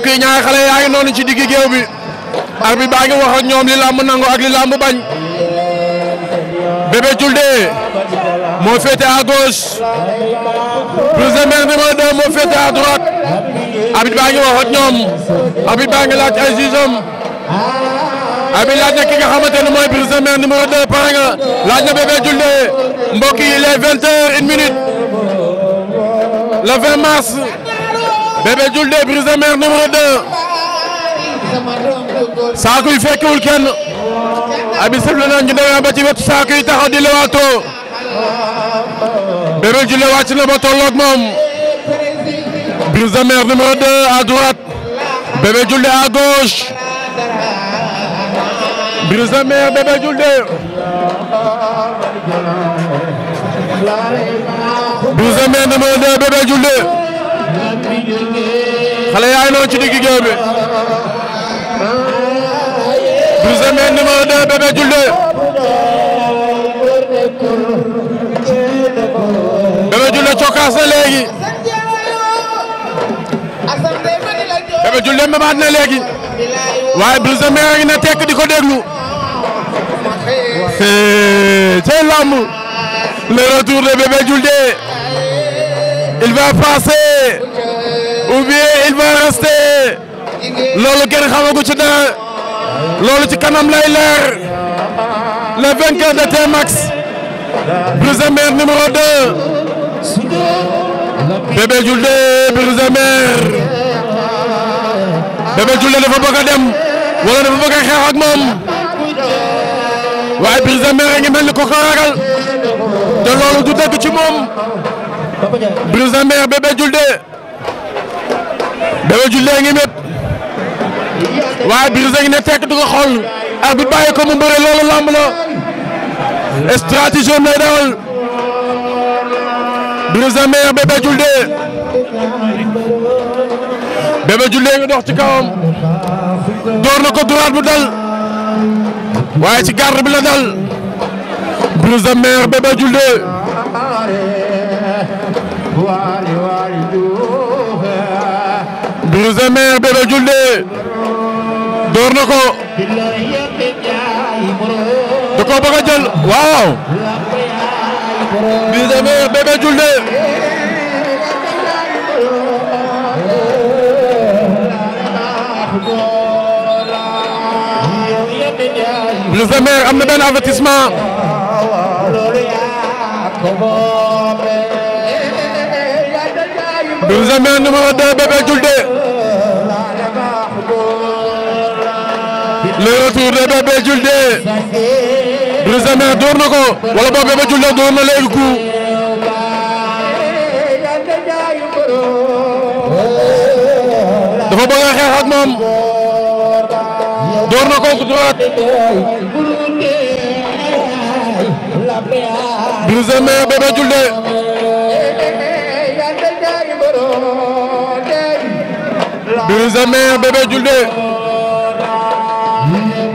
mbokk yi ñaari xale yaa ngi noonu ci diggi géew bi arbi baa ngi wax ñoom li làmb nangu ak li làmb bañ Bébé Diouldé moo féete à gauche Brise de moo féete à droite baa ngi wax ñoom arbitre baa ngi laaj ay jugeem arbitre laaj na ki nga xamante ne mooy pare nga laaj na Bébé Diouldé mbokk yi les vingt heures une minute le 20 mars Bébé Diouldé Brise de Mer numéro 2 saakuy fekkiwul abi sëb la naan ñu demee ba ci di lewaatoo Bébé Diouldé wàcc na ba tolloog moom Brise de Mer numéro 2 à droite Bébé Diouldé à gauche Brise de xale yaa ngi noonu ci digg géew bi Brise de Mer numéro 2 Bébé na léegi waaye Brise de na tekk di ko déglu c'est lamb le retour de Bébé Diouldé il va passer ou bien il va rester loolu ci dara ci kanam lay leer le vainqueur de Tmax Brise Mer numéro a dem wala dafa bëgg a xeex moom waaye Brise Mer a ngi mel ni ko ko ragal te loolu ci Bébé Diouldé a ngi mét waaye Brise a ngi ne tekk du ko xool arbitre bàyyi ko mu bëre loolu la stratégie am lay Bébé Diouldé Bébé dox ci kawam door na ko droite bu dal waaye ci garde bi la dal Brise meilleur Bébé Diouldé Brise de Mer Bébé Diouldé door na ko da koo bëgg a jël waaw Brise de Mer Bébé Diouldé Brise de Mer am na benn avertissement Brise de Mer retour de Bébé Diouldé Brise de Mer door na ko wala boobu Bébé Diouldé door na léegi coup dafa bëgg a xeex ak door na ko ku droite Brise de Mer Bébé de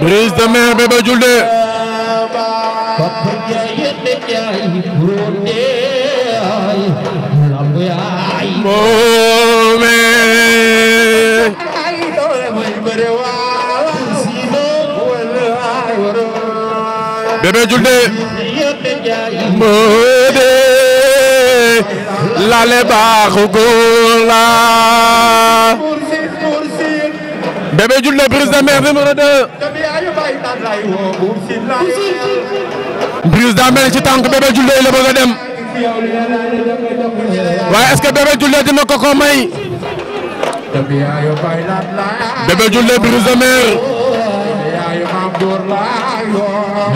Brise de Mer Bébé Diouldé moome Bébé Diouldé moode lale baaxu góor la Bébé Diouldé Brise de Mer numéro 2. Brise de Mer ci tànk Bébé la bëgg a dem. waaye est-ce que Bébé Diouldé dina ko ko may. Bébé Diouldé Brise de Mer.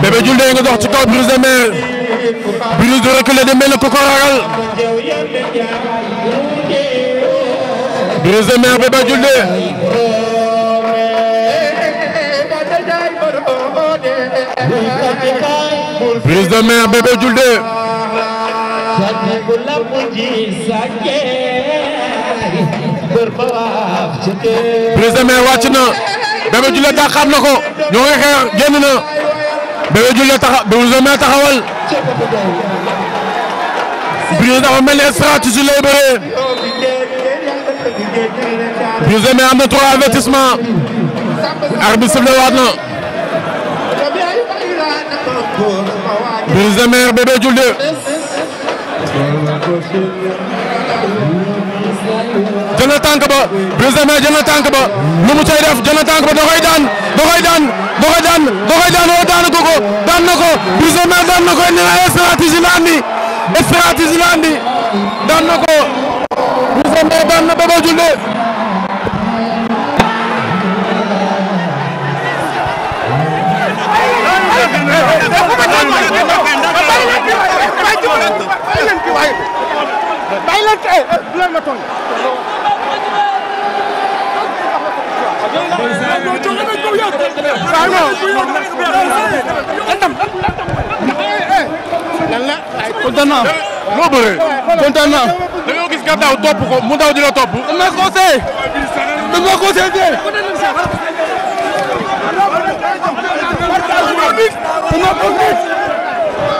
Bébé Diouldé nga dox ci brise de mer Bébé Diouldé brise de mer wàcc na Bébé Diouldé taxaat na ko ñoo ngi xeex génn na Bébé Diouldé taxa brise de mer taxawal brise dafa mel ni stratégie lay bëree brise de mer am na trois avertissement arbitre sifflé waat na Brise de Mer Bébé Diouldé ba Brise de Mer ba lu mu cay ba da koy daan da koy daan da koy ko ko daan ko Brise de Mer ko indi na stratégie la andi stratégie la andi daan na ko Brise de leen kay du leen ma tooñ. lan la ay kontaan naa. moo bëree. kontaan naa. da nga gis nga daw topp ko mu daw dina topp. da ma conseillé. da ma conseillé. da ma conseillé.